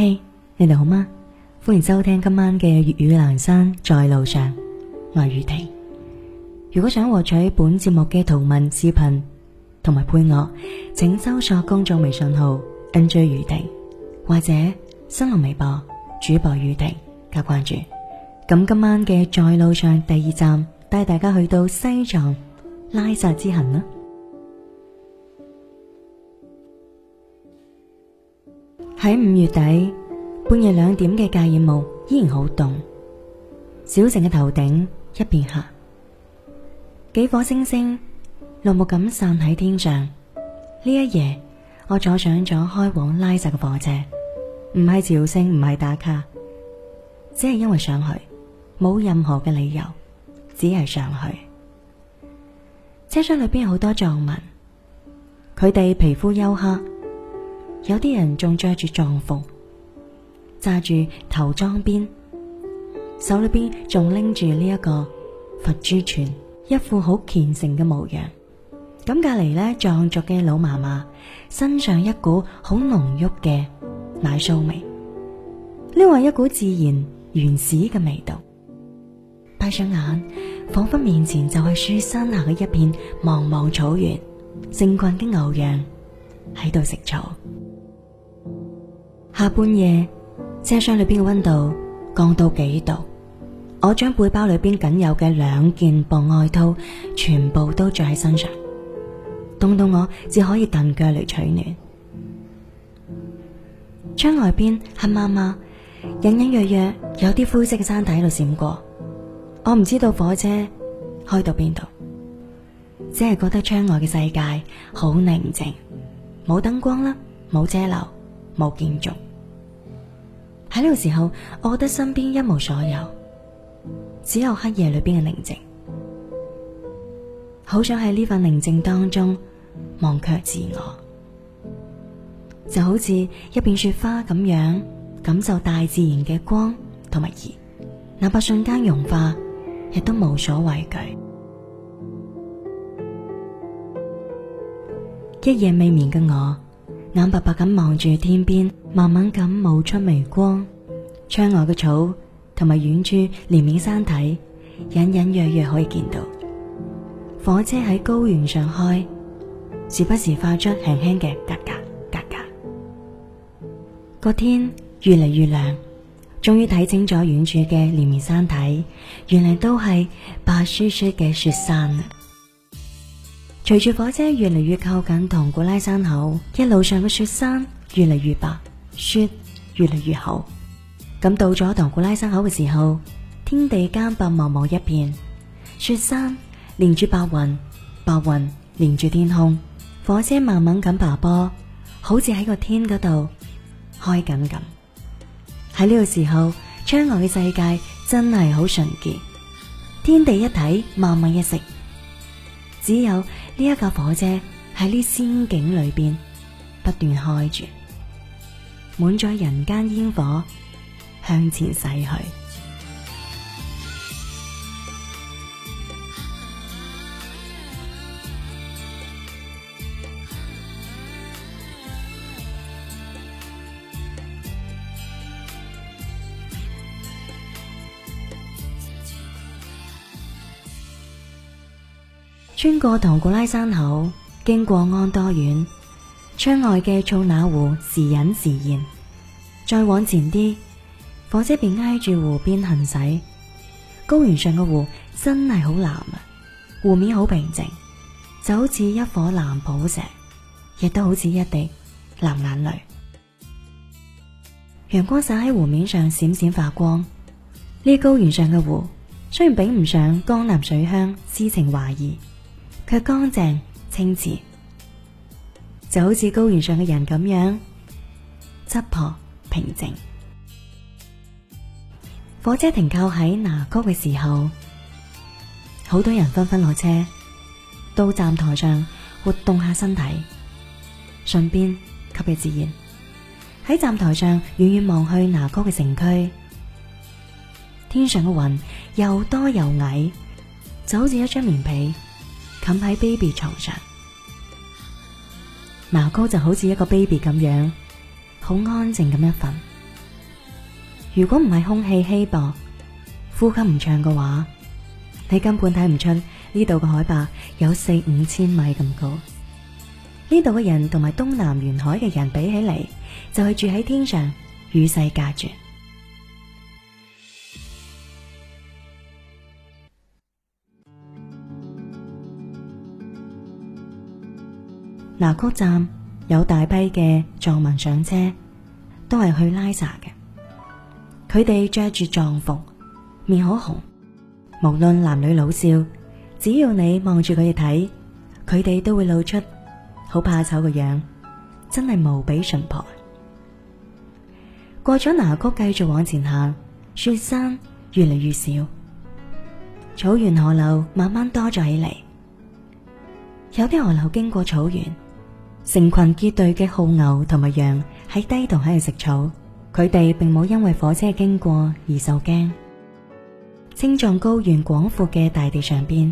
嘿，hey, 你哋好嗎？歡迎收聽今晚嘅粵語《南山在路上》，我係雨婷。如果想獲取本節目嘅圖文視頻同埋配樂，請搜索公眾微信號 nj 雨婷或者新浪微博主播雨婷加關注。咁今晚嘅在路上第二站，帶大家去到西藏拉薩之行啦。喺五月底半夜兩點嘅街夜霧依然好凍，小城嘅頭頂一片黑，幾顆星星落寞咁散喺天上。呢一夜我坐上咗開往拉薩嘅火車，唔係朝聖，唔係打卡，只係因為上去，冇任何嘅理由，只係上去。車廂裏邊好多藏民，佢哋皮膚黝黑。有啲人仲着住藏服，揸住頭裝邊，手裏邊仲拎住呢一個佛珠串，一副好虔誠嘅模樣。咁隔籬呢，藏族嘅老嫲嫲身上一股好濃郁嘅奶酥味，呢為一股自然原始嘅味道。閉上眼，仿佛面前就係雪山下嘅一片茫茫草原，成群嘅牛羊喺度食草。下半夜，車廂裏邊嘅温度降到幾度，我將背包裏邊僅有嘅兩件薄外套全部都着喺身上，凍到我只可以蹬腳嚟取暖。窗外邊黑嘛嘛，隱隱約約有啲灰色嘅山體喺度閃過，我唔知道火車開到邊度，只係覺得窗外嘅世界好寧靜，冇燈光啦，冇遮樓，冇建築。喺呢個時候，我覺得身邊一無所有，只有黑夜裏邊嘅寧靜。好想喺呢份寧靜當中忘卻自我，就好似一片雪花咁樣感受大自然嘅光同埋熱，哪怕瞬間融化，亦都無所畏懼。一夜未眠嘅我。眼白白咁望住天邊，慢慢咁冒出微光。窗外嘅草同埋遠處連綿山體，隱隱約約可以見到。火車喺高原上開，時不時發出輕輕嘅嘎嘎嘎嘎。個天越嚟越亮，終於睇清咗遠處嘅連綿山體，原來都係白雪雪嘅雪山。隨住火車越嚟越靠近唐古拉山口，一路上嘅雪山越嚟越白，雪越嚟越厚。咁到咗唐古拉山口嘅時候，天地間白茫茫一片，雪山連住白雲，白雲連住天空，火車慢慢咁爬坡，好似喺個天嗰度開緊咁。喺呢個時候，窗外嘅世界真係好純潔，天地一體，萬物一色，只有。呢一架火車喺呢仙境裏邊不斷開住，滿載人間煙火向前駛去。穿過唐古拉山口，經過安多縣，窗外嘅措那湖時隱時現。再往前啲，火車便挨住湖邊行駛。高原上嘅湖真係好藍啊！湖面好平靜，就好似一顆藍寶石，亦都好似一滴藍眼淚。陽光灑喺湖面上，閃閃發光。呢、這個、高原上嘅湖雖然比唔上江南水鄉詩情畫意。卻乾淨清澈，就好似高原上嘅人咁樣質樸平靜。火車停靠喺那曲嘅時候，好多人紛紛落車到站台上活動下身體，順便吸下自然。喺站台上遠遠望去，那曲嘅城區，天上嘅雲又多又矮，就好似一張棉被。冚喺 baby 床上，苗哥就好似一個 baby 咁樣，好安靜咁一瞓。如果唔係空氣稀薄，呼吸唔暢嘅話，你根本睇唔出呢度嘅海拔有四五千米咁高。呢度嘅人同埋東南沿海嘅人比起嚟，就係住喺天上，與世隔絕。拿曲站有大批嘅藏民上車，都係去拉薩嘅。佢哋着住藏服，面好紅，無論男女老少，只要你望住佢哋睇，佢哋都會露出好怕醜嘅樣，真係無比淳朴。過咗那曲，繼續往前行，雪山越嚟越少，草原河流慢慢多咗起嚟，有啲河流經過草原。成群結隊嘅氂牛同埋羊喺低度喺度食草，佢哋並冇因為火車經過而受驚。青藏高原廣闊嘅大地上邊，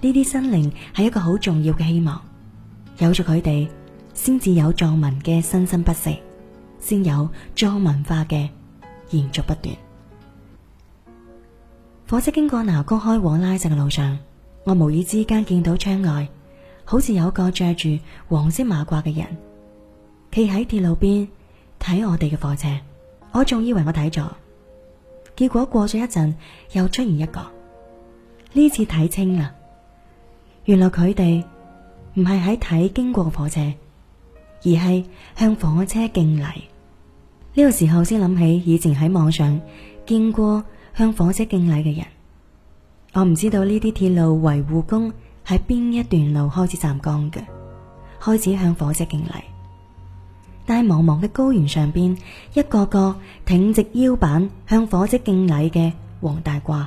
呢啲生靈係一個好重要嘅希望，有咗佢哋，先至有藏民嘅生生不息，先有藏文化嘅延續不斷。火車經過南江開往拉薩嘅路上，我無意之間見到窗外，好似有個着住黃色馬褂嘅人，企喺鐵路邊睇我哋嘅火車，我仲以為我睇咗，結果過咗一陣又出現一個，呢次睇清啦，原來佢哋唔係喺睇經過嘅火車，而係向火車敬禮。呢個時候先諗起以前喺網上見過向火車敬禮嘅人，我唔知道呢啲鐵路維護工。喺邊一段路開始站崗嘅，開始向火車敬禮。但茫茫嘅高原上邊，一個個挺直腰板向火車敬禮嘅黃大褂，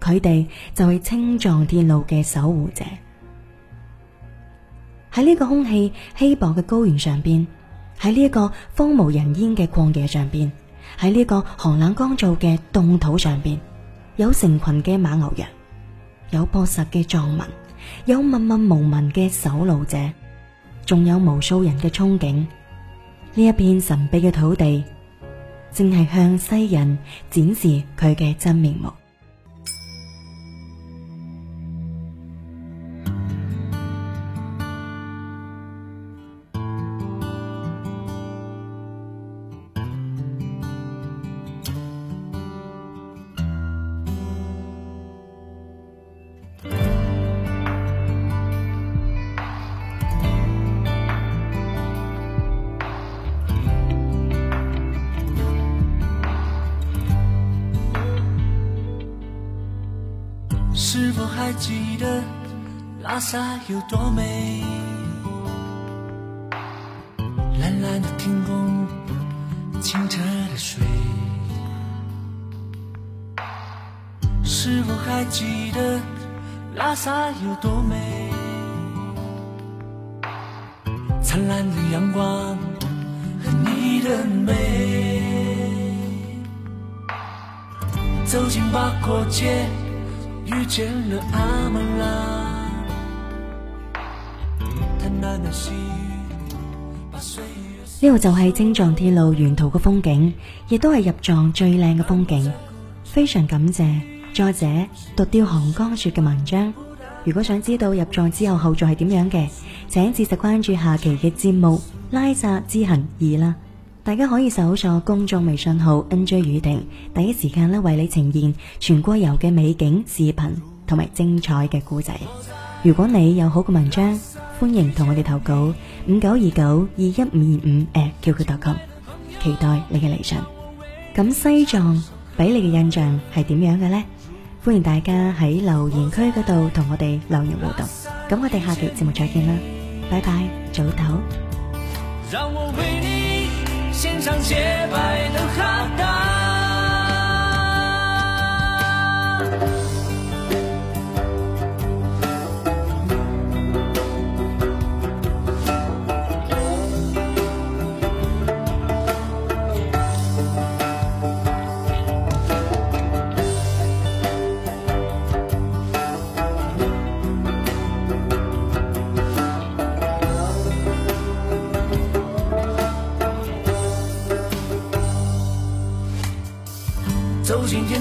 佢哋就係青藏鐵路嘅守護者。喺呢個空氣稀薄嘅高原上邊，喺呢一個荒無人煙嘅曠野上邊，喺呢個寒冷乾燥嘅凍土上邊，有成群嘅馬牛羊。有樸實嘅藏民，有默默無聞嘅守路者，仲有無數人嘅憧憬。呢一片神秘嘅土地，正係向世人展示佢嘅真面目。是否還記得拉薩有多美？藍藍的天空，清澈的水。是否還記得拉薩有多美？燦爛的陽光和你的美。走進八廓街。呢度就係青藏鐵路沿途嘅風景，亦都係入藏最靚嘅風景。非常感謝作者獨釣寒江雪嘅文章。如果想知道入藏之後後續係點樣嘅，請持續關注下期嘅節目《拉薩之行二》啦。大家可以搜索公眾微信號 NJ 雨定，第一時間咧為你呈現全國遊嘅美景視頻同埋精彩嘅故仔。如果你有好嘅文章，歡迎同我哋投稿五九二九二一五二五，誒，QQ.com，期待你嘅嚟信。咁西藏俾你嘅印象係點樣嘅呢？歡迎大家喺留言區嗰度同我哋留言互動。咁我哋下期節目再見啦，拜拜，早唞。 獻上潔白的哈達。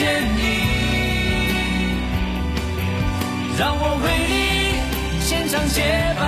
見你，讓我為你獻上潔白。